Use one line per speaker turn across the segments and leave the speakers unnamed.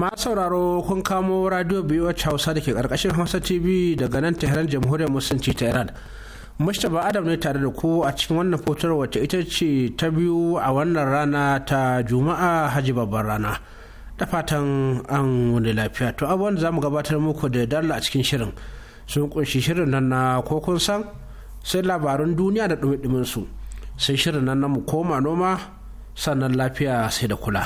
ma sauraro kun kamo radio biyu a hausa da ke karkashin hausa tv daga nan tehran jamhuriyar musulunci ta iran mustapha adam ne tare da ku a cikin wannan fotar wacce ita ce ta biyu a wannan rana ta juma'a haji babban rana da fatan an wani lafiya to abubuwan za mu gabatar muku da dalla a cikin shirin sun kunshi shirin nan na ko kun san sai labarun duniya da dumi su sai shirin nan na mu koma noma sannan lafiya sai da kula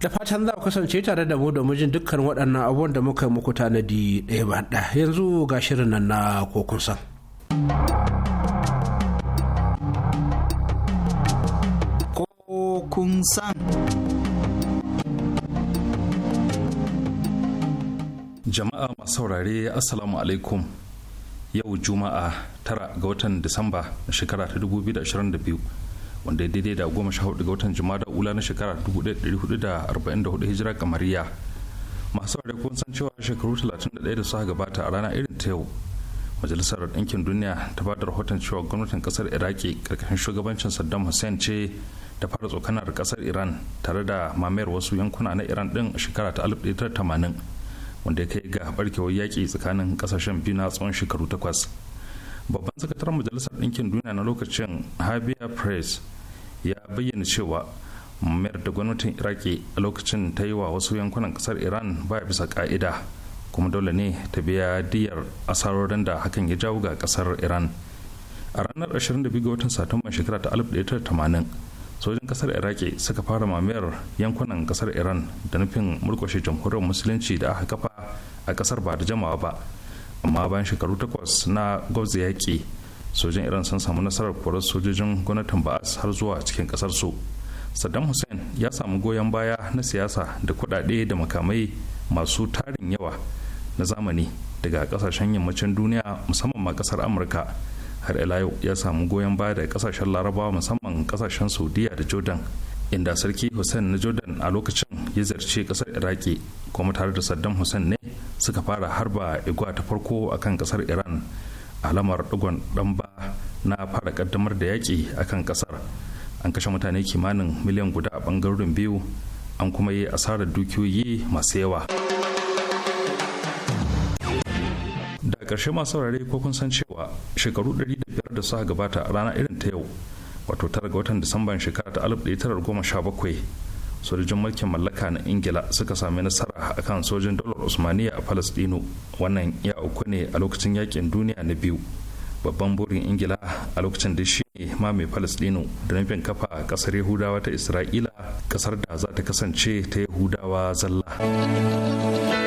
da fatan za ku kasance tare da mu domin jin dukkan waɗannan abubuwan da muka muku tanadi ɗaya ba ɗaya yanzu ga shirin nan na kokun san.
Kokun san.
Jama'a masu saurare Assalamu alaikum. Yau Juma'a tara ga watan Disamba shekara ta 2022 wanda ya daidai da goma sha hudu ga watan jumada ula na shekara 1444 hijira kamariya masu ware kun san cewa shekaru 31 da suka gabata a rana irin ta yau majalisar ɗinkin duniya ta ba da rahoton cewa gwamnatin ƙasar iraki karkashin shugabancin saddam hussein ce ta fara tsokanar ƙasar iran tare da mamayar wasu yankuna na iran din a shekara ta 1980 wanda ya kai ga barkewar yaƙi tsakanin kasashen biyu na tsawon shekaru takwas babban sakataren majalisar ɗinkin duniya na lokacin habia press ya bayyana cewa mayar da gwamnatin iraki a lokacin ta yi wa wasu yankunan kasar iran ba bisa ka'ida kuma dole ne ta biya diyar asarorin da hakan ya jawo ga kasar iran a ranar 22 ga watan satumba shekara ta 1980 sojin kasar iraki suka fara mamayar yankunan kasar iran da nufin murkushe jamhuriyar musulunci da aka kafa a kasar ba da jama'a ba amma bayan shekaru takwas na gwabza yaƙi sojin iran sun samu nasarar korar sojojin gwamnatin ba'as har zuwa cikin kasar su saddam hussein ya samu goyon baya na siyasa da kudade da makamai masu tarin yawa na zamani daga kasashen yammacin duniya musamman ma kasar amurka har ila yau ya samu goyon baya daga kasashen larabawa musamman kasashen saudiya da jordan inda sarki hussein na jordan a lokacin ya zarce kasar iraki kuma tare da saddam hussein ne suka fara harba igwa ta farko akan kasar iran alamar dugon dan ba na fara kaddamar da yaƙi a kan ƙasar an kashe mutane kimanin miliyan guda a ɓangarorin biyu an kuma yi asarar dukiyoyi masu yawa da ƙarshe masu saurare ko kun san cewa shekaru 105 da suka gabata a rana irin ta yau wato tara ga watan disamban shekara ta 1917 sojojin mulkin mallaka na ingila suka sami nasara akan sojin dalar usmaniya a palestino wannan ya uku ne a lokacin yakin duniya na biyu babban burin ingila a lokacin da shi ne ma mai palestino da nufin kafa a kasar yahudawa ta isra'ila kasar da za ta kasance ta yahudawa zalla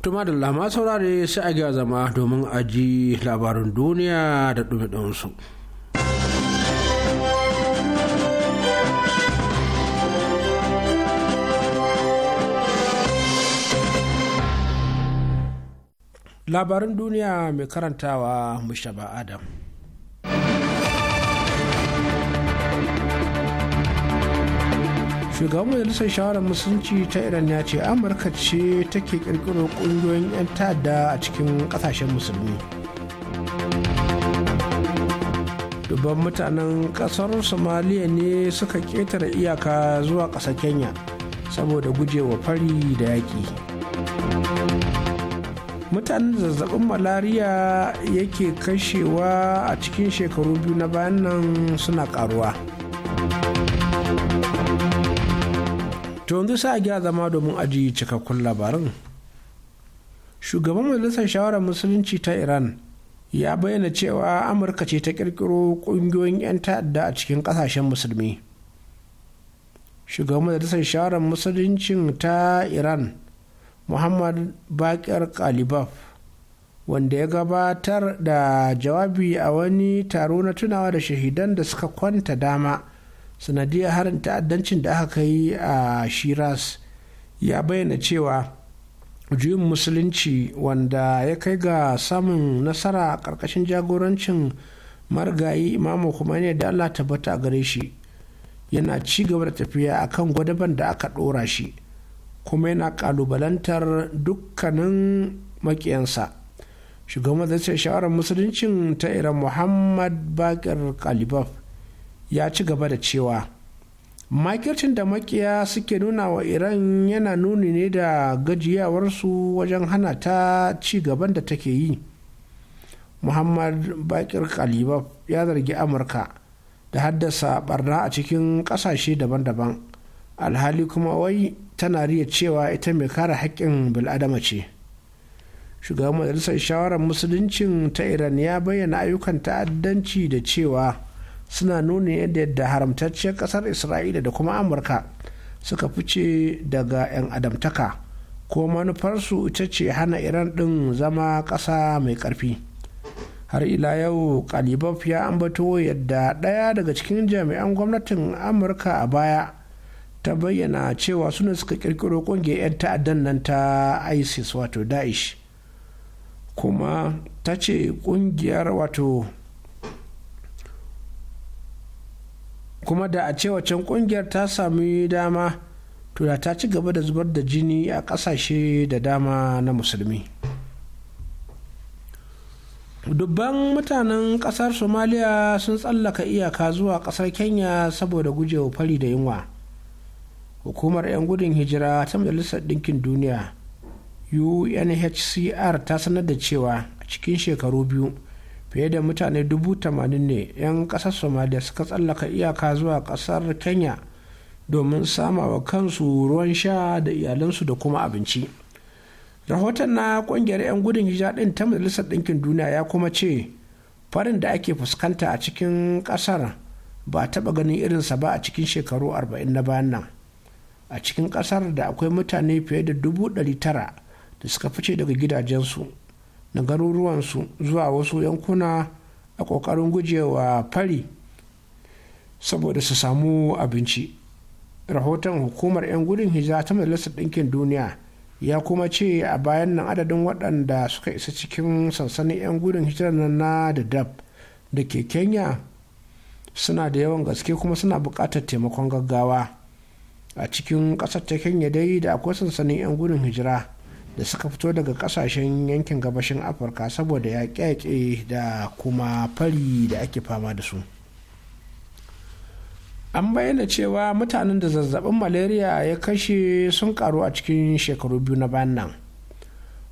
Tuma da lama saurare sai a gya zama domin aji labarin duniya da ɗumi ɗansu. Labarin duniya mai karantawa Mushaba Adam. shugaban majalisar shawarar musulunci ta iran ya ce amurka ce take kirkiro kungiyoyin 'yan ta'adda a cikin kasashen musulmi dubban mutanen kasar somaliya ne suka ketare iyaka zuwa ƙasar kenya saboda gujewa fari da yaƙi mutanen zazzabin malariya yake kashewa a cikin shekaru biyu na bayan nan suna karuwa. to yanzu sa a gyara zama domin ajiye cikakkun labarin shugaban majalisar shawarar musulunci ta iran ya bayyana cewa amurka ce ta kirkiro kungiyoyin 'yan ta'adda a cikin kasashen musulmi shugaban majalisar shawarar musuluncin ta iran muhammad bakir kalibaf wanda ya gabatar da jawabi a wani taro na tunawa da shahidan da suka kwanta dama sanadiyar harin ta'addancin da aka kai a shiras ya bayyana cewa juyin musulunci wanda ya kai ga samun nasara a ƙarƙashin jagorancin marigayi imamu ne da allah tabbata gare shi yana ci gaba da tafiya a kan gwadaban da aka ɗora shi kuma yana ƙalubalantar dukkanin maƙiyansa shugaban zai shawarar musuluncin ta iran muhammad bakir kalibaf ya ci gaba da cewa makircin da makiya suke nuna wa iran yana nuni ne da gajiyawarsu wajen hana ta ci gaban da take yi muhammad bakir kalibab ya zargi amurka da haddasa barna a cikin kasashe daban-daban alhali kuma wai tana riya cewa ita mai kare haƙƙin bil'adama ce shugaban majalisar shawarar musuluncin ta iran ya bayyana ayyukan ta'addanci da cewa suna nuna yadda yadda haramtacciyar kasar isra'ila da kuma amurka suka fice daga 'yan adamtaka ko manufarsu ita ce hana iran din zama kasa mai karfi har ila yau kalibaf ya ambato yadda ɗaya daga cikin jami'an gwamnatin amurka a baya ta bayyana cewa suna suka kirkiro kungiyar 'yan ta'addan nan ta isis wato daesh kuma ta ce kungiyar wato kuma da a ce wacan kungiyar ta sami dama to da ta ci gaba da zubar da jini a kasashe da dama na musulmi dubban mutanen kasar somaliya sun tsallaka iyaka zuwa kasar kenya saboda gujewa fari da yunwa hukumar 'yan gudun hijira ta majalisar ɗinkin duniya unhcr ta sanar da cewa a cikin shekaru biyu fiye da mutane 80,000 ne 'yan kasar somalia suka tsallaka iyaka zuwa kasar kenya domin sama wa kansu ruwan sha da iyalansu da kuma abinci rahoton na ƙungiyar 'yan gudun hijira ɗin ta majalisar ɗinkin duniya ya kuma ce farin da ake fuskanta a cikin ƙasar ba taɓa ganin irinsa ba a cikin shekaru 40 na bayan nan a cikin ƙasar da akwai mutane fiye da dubu da suka fice daga gidajensu na garuruwansu zuwa wasu yankuna a ƙoƙarin gujewa fari saboda su samu abinci rahoton hukumar 'yan gudun hijira ta majalisar ɗinkin duniya ya kuma ce a bayan nan adadin waɗanda suka isa cikin sansanin 'yan gudun hijira na da dab da ke kenya suna da yawan gaske kuma suna buƙatar taimakon gaggawa a cikin ƙasar ta kenya dai da akwai sansanin 'yan gudun hijira da suka fito daga kasashen yankin gabashin afirka saboda ya yaƙe da kuma fari da ake fama da su an bayyana cewa mutanen da zazzabin malaria ya kashe sun karu a cikin shekaru biyu na bayan nan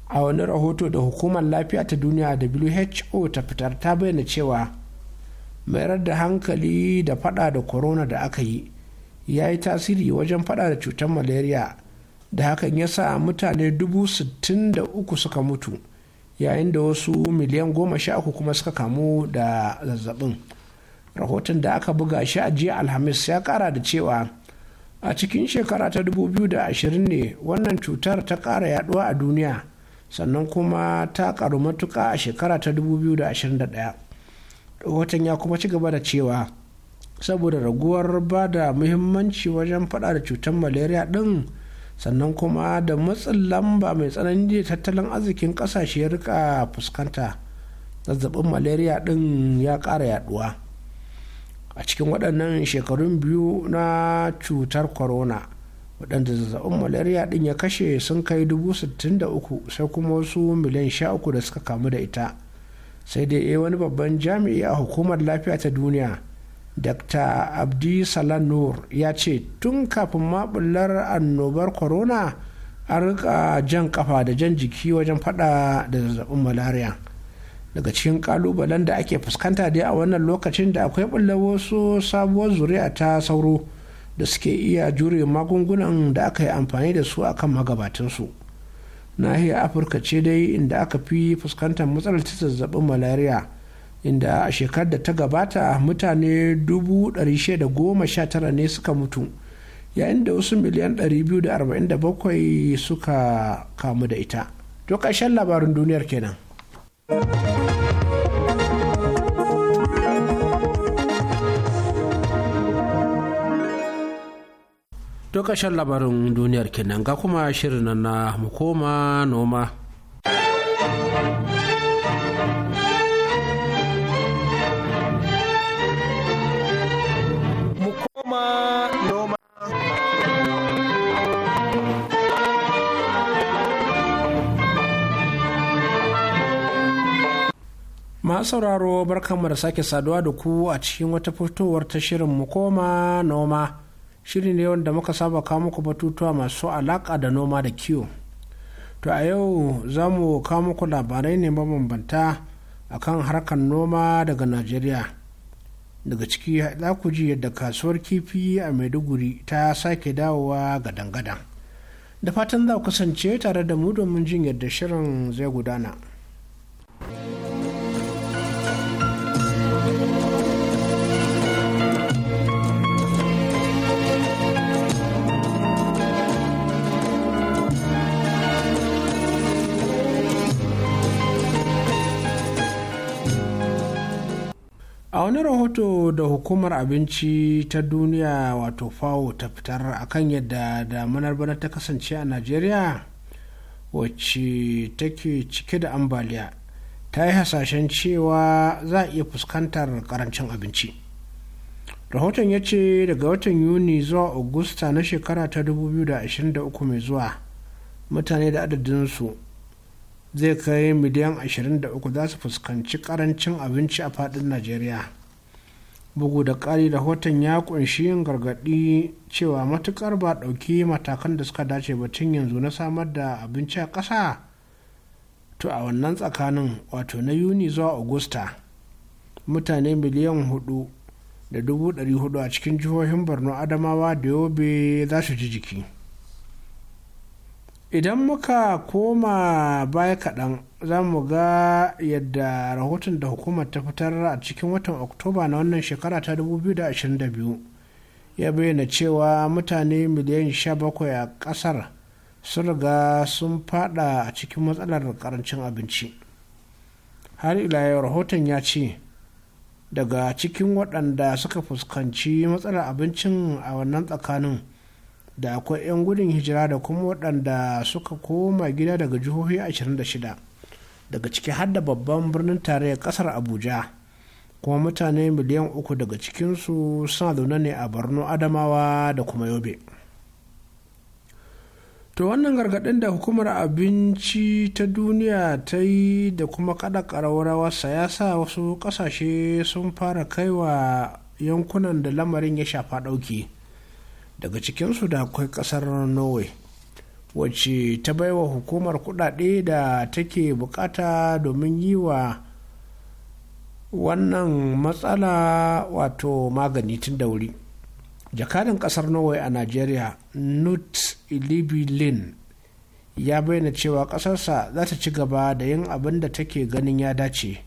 a wani rahoto da hukumar lafiya ta duniya who ta fitar ta bayyana cewa mayar da hankali da fada da corona da aka yi ya yi tasiri wajen fada da cutar malaria da hakan ya sa mutane dubu sittin da uku suka mutu yayin da wasu miliyan goma sha uku kuma suka kamu da zazzabin rahoton da aka buga shi a jiya alhamis ya kara da cewa a cikin shekara ta 2020 ne wannan cutar ta kara yaduwa a duniya sannan kuma ta karu matuka a shekara ta 2021 rahoton ya kuma ci gaba da cewa saboda raguwar ba da muhimmanci wajen fada da cutar malaria din sannan kuma da matsin lamba mai tsanani da tattalin arzikin kasashe ya rika fuskanta zazzabin malaria din ya ƙara yaduwa a cikin waɗannan shekarun biyu na cutar corona waɗanda zazzabin malaria din ya kashe sun kai 63,000 sai kuma wasu miliyan 13 da suka kamu da ita sai dai eh, wani babban jami'i a hukumar lafiya ta duniya dr abdi salanur ya ce tun kafin maɓullar annobar corona a rika jan kafa da jan jiki wajen fada da zazzabin malaria daga cikin kalubalen da ake fuskanta dai a wannan lokacin da akwai ɓullar wasu sabuwar zuri'a ta sauro da suke iya jure magungunan da aka yi amfani da su akan magabatinsu nahiyar afirka ce dai inda aka fi fuskantar matsalar zazzabin malaria inda a shekarar da ta gabata mutane 619 ne suka mutu yayin da wasu miliyan 247 suka kamu da ita to ƙarshen labarin duniyar kenan. to labarin duniyar kenan ga kuma shirin na mu koma noma sauraro barkanmu da sake saduwa da ku a cikin wata fitowar ta shirin mu koma noma shiri ne wanda muka saba kawo muku batutuwa masu alaka da noma da kiwo to a yau za mu kawo muku labarai ne mabambanta a kan harkar noma daga najeriya daga ciki za ku ji yadda kasuwar kifi a maiduguri ta sake dawowa gadan-gadan da fatan za ku kasance tare da mu domin jin yadda shirin zai gudana. a wani rahoto da hukumar abinci ta duniya wato fawo ta fitar akan yadda damunar bana ta kasance a najeriya wacce take cike da ambaliya ta yi hasashen cewa za a iya fuskantar karancin abinci rahoton ya ce daga watan yuni zuwa augusta na shekara ta 2023 mai zuwa mutane da adadinsu zai kai miliyan 23 za su fuskanci karancin abinci a fadin najeriya bugu da da rahoton ya kunshi yin gargadi cewa matukar ba dauki matakan da suka dace ba tun yanzu na samar da abinci a kasa to a wannan tsakanin wato na yuni zuwa agusta mutane miliyan hudu da dubu ɗari hudu a cikin jihohin borno adamawa da yobe za su ji jiki idan muka koma baya kaɗan za mu ga yadda rahoton da hukumar ta fitar a cikin watan oktoba na wannan shekara ta 2022 ya bayyana cewa mutane miliyan 17 a ƙasar sun riga sun fada a cikin matsalar karancin abinci har ila yau rahoton ya ce daga cikin waɗanda suka fuskanci matsalar abincin a wannan tsakanin da akwai 'yan gudun hijira da kuma waɗanda suka koma gida daga jihohi 26 daga ciki har da babban birnin tarayyar ƙasar abuja kuma mutane miliyan uku daga cikinsu suna zaune ne a borno adamawa da kuma yobe to wannan gargaɗin da hukumar abinci ta duniya ta yi da kuma kada ƙararrawarsa ya sa wasu ƙasashe sun fara kaiwa yankunan da lamarin ya shafa ɗauki. daga cikinsu da akwai kasar norway wacce ta baiwa hukumar kudade da take bukata domin yi wa wannan matsala wato magani tun da wuri jakadan kasar norway a nigeria nut ilibilin ya bayyana cewa kasarsa za ta ci gaba da yin abin da take ganin ya dace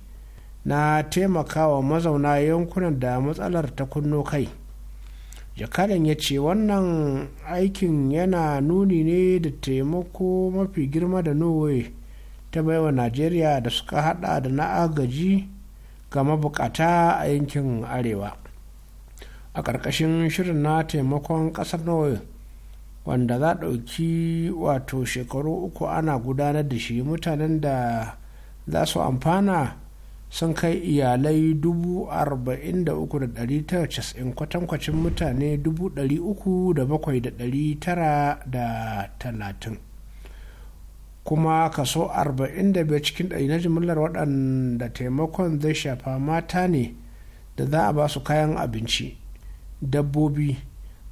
na taimakawa mazauna yankunan da matsalar ta kunno kai jakadan ya ce wannan aikin yana nuni ne da taimako mafi girma da norway ta baiwa najeriya da suka hada da na agaji ga mabukata a yankin arewa a ƙarƙashin shirin na taimakon ƙasar norway wanda za ɗauki wato shekaru uku ana gudanar da shi mutanen da za su amfana sun kai iyalai 43,990 kwatankwacin mutane 300,930 kuma kaso 45 cikin ɗari na jimillar waɗanda taimakon zai shafa mata ne da za a ba su kayan abinci dabbobi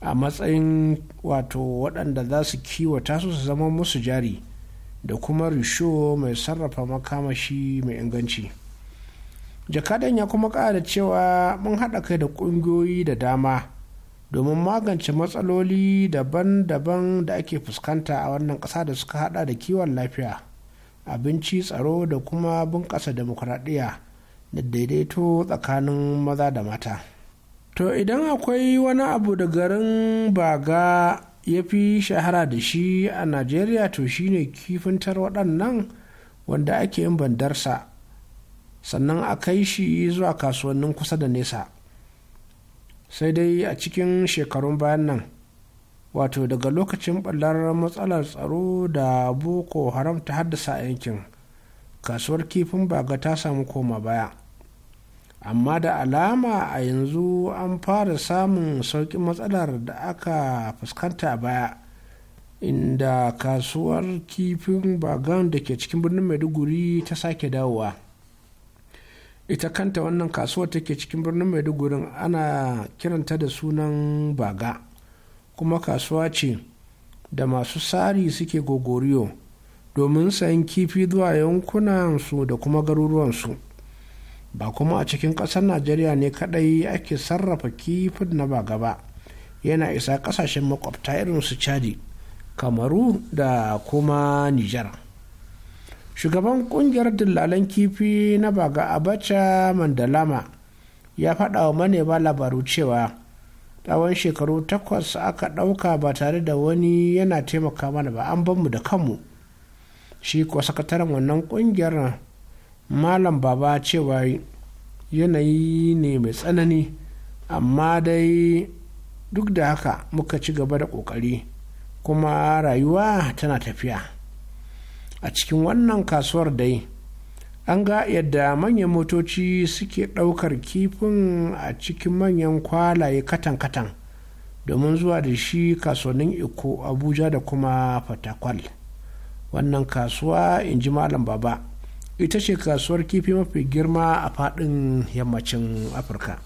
a matsayin wato waɗanda za su kiwata su su zama musu jari da kuma risho mai sarrafa makamashi mai inganci. jakadan ya kuma ƙara cewa mun haɗa kai da ƙungiyoyi da dama domin magance matsaloli daban-daban da ake fuskanta a wannan ƙasa da suka hada da kiwon lafiya abinci tsaro da kuma bunƙasa demokuraɗiyya da daidaito tsakanin maza da mata to idan akwai wani abu da garin baga ya fi shahara da shi a najeriya to shine kifintar waɗannan wanda ake yin bandarsa sannan a kai shi zuwa kasuwannin kusa da nesa sai dai a cikin shekarun bayan nan wato daga lokacin ɓallar matsalar tsaro da boko haram ta haddasa a yankin kasuwar kifin baga ta samu koma baya amma da alama a yanzu an fara samun sauƙin matsalar da aka fuskanta baya inda kasuwar kifin bagan da ke cikin birnin maiduguri ta sake dawowa ita kanta wannan kasuwar take cikin birnin maiduguri ana kiranta da sunan baga kuma kasuwa ce da masu tsari suke gogoriyo domin sayan kifi zuwa yankunansu da kuma garuruwansu ba kuma a cikin ƙasar najeriya ne kadai ake sarrafa kifin na baga ba yana isa ƙasashen makwabta irin su chadi kamaru da kuma nijar shugaban kungiyar dillalan kifi na baga abacha mandalama ya faɗa wa manema labaru cewa tsawon shekaru takwas aka ɗauka ba tare da wani yana taimaka mana ba an banmu da kanmu shi kuwa sakataren wannan kungiyar malam baba cewa yanayi ne mai tsanani amma dai duk da haka muka ci gaba da ƙoƙari kuma rayuwa tana tafiya a cikin wannan kasuwar dai an ga yadda manyan motoci suke ɗaukar kifin a cikin manyan kwalaye katan-katan domin zuwa da shi kasuwannin iko abuja da kuma fatakwal wannan kasuwa in ji malam baba ita ce kasuwar kifi mafi girma a faɗin yammacin afirka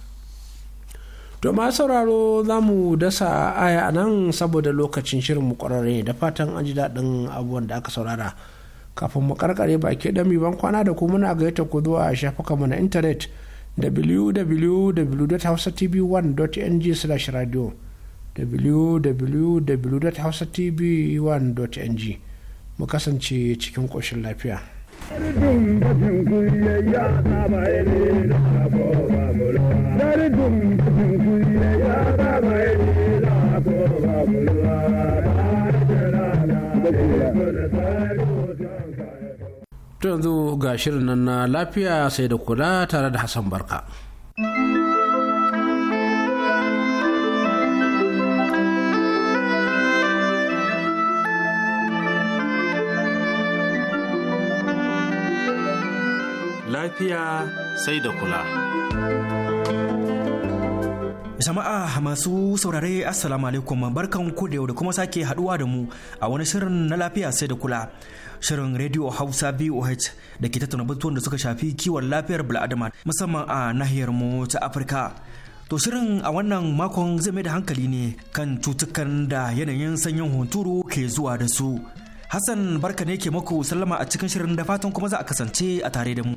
domin sauraro za mu dasa aya nan saboda lokacin shirin mu da fatan an ji daɗin abubuwan da aka saurara kafin mu karkare baki don miban kwana da ku muna gaita ku zuwa a shafukanmu na intanet www.hausatv1.ng slash radio www.hausatv1.ng mu kasance cikin koshin lafiya.
Daridun bakin kuyi ya zama ya ne na ko ba mulwa. Daridun bakin kuyi ya zama ya ne na ko ba mulwa.
To yanzu ga shirin nan na lafiya sai da kula tare da Hassan Barka. Lafiya sai da kula.
Jama'a masu saurare Assalamu alaikum barkan ku da yau da kuma sake haduwa da mu a wani shirin na lafiya sai da kula. Shirin Radio Hausa BOH da ke tattauna da suka shafi kiwon lafiyar bil'adama musamman a nahiyar mu ta Afirka. To shirin a wannan makon zai mai da hankali ne kan cutukan da yanayin sanyin hunturu ke zuwa da su. Hassan barka ne ke maku sallama a cikin shirin da fatan kuma za a kasance a tare da mu.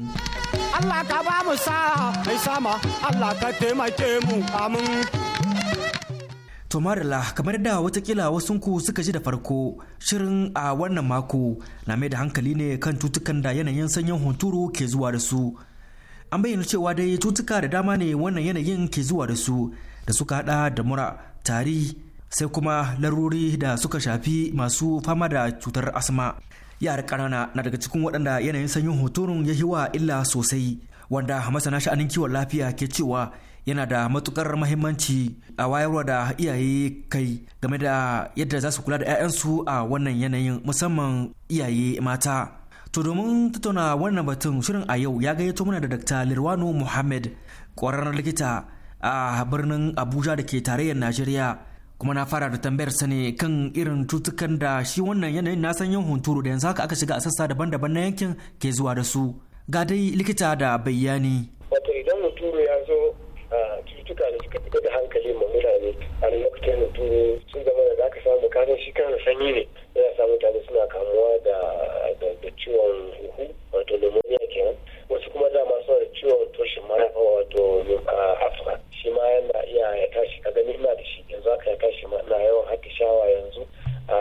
Allah ka ba mu sa'a mai sama Allah ka taimake mu amin. To marilla kamar da watakila wasunku suka ji da farko shirin a wannan mako na mai da hankali ne kan tutukan da yanayin sanyin hunturu ke zuwa da su. An bayyana cewa dai tutuka da dama ne wannan yanayin ke zuwa da su da suka haɗa da mura, tari, sai kuma larurori da suka shafi masu fama da cutar asma yar ƙanana na daga cikin waɗanda yanayin sanyin hotonin ya yi wa illa sosai wanda masana sha'anin kiwon lafiya ke cewa yana da matukar mahimmanci a wayarwa da iyaye kai game da yadda za su kula da 'ya'yansu a wannan yanayin musamman iyaye mata To domin tattauna wannan batun shirin a yau ya gayyato mana da Dr. Lirwano Muhammad ƙwararren likita a birnin Abuja da ke tarayyar Najeriya kuma na fara da tambayar sa ne kan irin cutukan da shi wannan yanayin na san yin hunturu da yanzu haka aka shiga a sassa daban-daban na yankin ke zuwa da su ga dai likita da bayani
wato idan hunturu ya zo cututtuka da suka fita da
hankali ma mutane a lokacin hunturu sun zama da za ka samu kasan shi kan sanyi ne yana sa mutane suna kamuwa da ciwon huhu wato pneumonia kenan wasu kuma dama suna da ciwon toshin mara wato afra shi ma yana iya ya tashi a gani ina da shi yanzu aka ya tashi ma ina yawan haka shawa yanzu a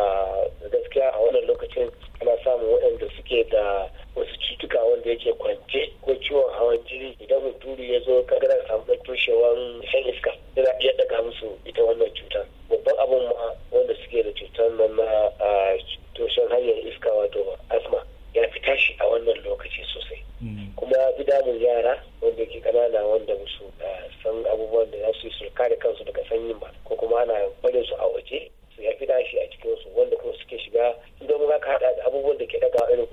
gaskiya a wannan lokacin ana samun waɗanda suke da wasu cutuka wanda yake kwance ko ciwon hawan jini idan muturi ya zo ka gana samu ɗan toshewan shan iska yana iya ɗaga musu ita wannan cuta babban abun ma wanda suke da cutar nan na toshen hanyar iska wato asma ya fi tashi a wannan lokaci sosai mm. kuma fi damun yara wanda ke kanana wanda musu eh, san abubuwan da za su yi su kare kansu daga sanyin ba ko kuma ana barin su a waje su ya fi tashi a cikin su wanda kuma suke shiga idan za ka hada da abubuwan da ke daga irin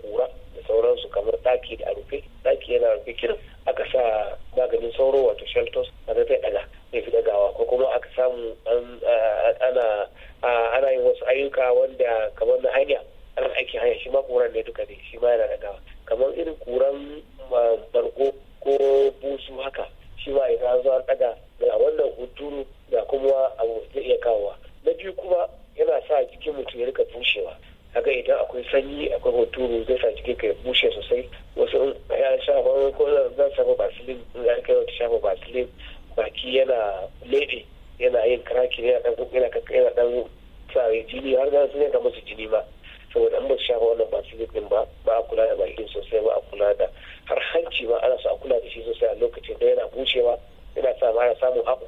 a kula da bakin sosai ba a kula da har hanci ba ana so a kula da shi sosai a lokacin da yana bushewa yana sa ana samun haɓo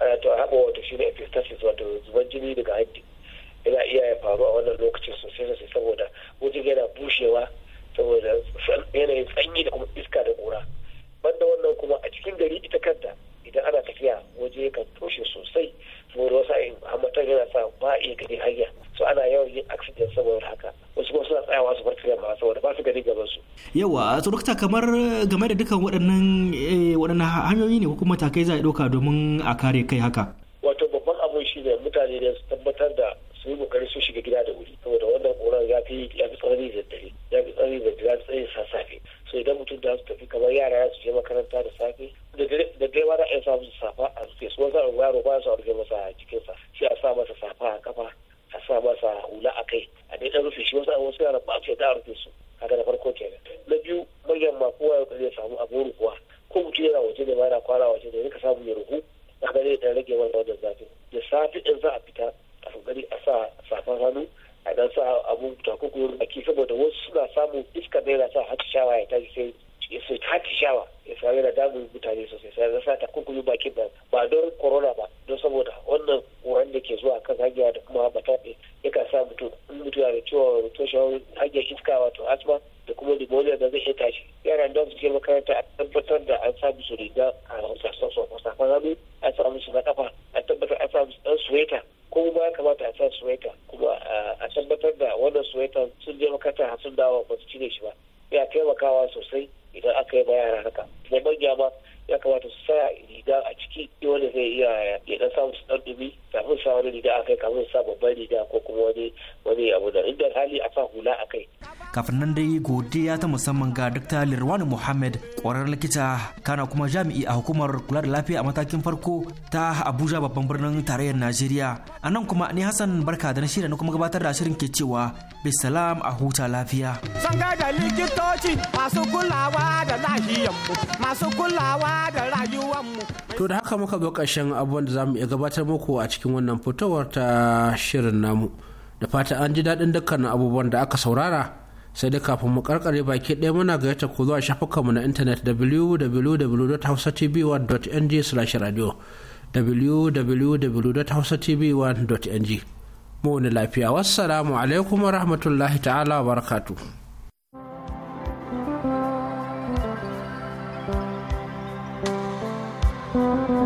ana eh, to haɓo wato shi ne epistasis wato zuban jini daga hanci
to dokta kamar eh, game da dukkan waɗannan eh, waɗannan hanyoyi ne ko kuma matakai za a ɗauka domin a kare kai haka
wato babban abun shi ne mutane da su tabbatar da su yi kokari su shiga gida da wuri saboda wannan ƙoran ya fi ya fi tsanani da dare ya fi tsanani da ya fi tsanani so idan mutum da su tafi kamar yara ya su je makaranta da safe da dare ma wani ya samun safa a rufe su wani yaro ba su a rufe masa a jikinsa sai a sa masa safa a kafa a sa masa hula a kai a daidai rufe shi wasu wasu yara ba a ce da rufe su a da farko kenan na biyu bayan ma kowa ya kare samu abu rukuwa ko mutum yana waje ne ma yana kwana waje ne ka samu ya ruhu da kaga da dan rage wannan wajen zafi da safi in za a fita a kokari a sa safan hannu a dan sa abu takuku a ke saboda wasu suna samun iska da yana sa hati shawa ya tashi sai ya sai hati shawa ya sa yana damun mutane sosai sai ya sa takuku bakin ba don corona ba don saboda wannan da ke zuwa kan hanya da kuma ba ta yaka sa ya in mutum da ciwon toshewar hanyar iska wato asma da kuma limoniya da zai iya shi yaran da suke makaranta a tabbatar da an samu su riga a musafan hannu an samu su na kafa a tabbatar an samu dan suweta ko ba ya kamata a sa suweta kuma a tabbatar da wannan suweta sun je makaranta sun dawo ba su cire shi ba ya taimakawa sosai idan aka yi ma yara haka kuma manya ma ya kamata su saya riga a ciki wanda zai iya ya dan samu su dan dumi kafin sa wani riga a kai kafin sa babban riga ko kuma wani abu da
inda hali a sa hula a kai.
kafin nan dai godiya ta musamman ga Dr. Lirwan Muhammad ƙwararren likita kana kuma jami'i a hukumar kula da lafiya a matakin farko ta Abuja babban birnin tarayyar Najeriya. A nan kuma ni Hassan barka da na na kuma gabatar da shirin ke cewa bisalam a huta lafiya.
Zan da likitoci masu kulawa da lahiyanmu masu kulawa da rayuwanmu.
To da haka muka zo ƙarshen abubuwan da
za mu iya gabatar muku a cikin wannan fitowar ta shirin namu. da fata an ji daɗin dukkanin abubuwan da aka saurara sai da kafin mu karkare baki ɗaya muna gayyata ku zuwa shafukanmu na intanet www.hausatv1.ng/radio www.hausatv1.ng mu wani lafiya wassalamu alaikum wa rahmatullahi ta'ala wa barakatuh thank
you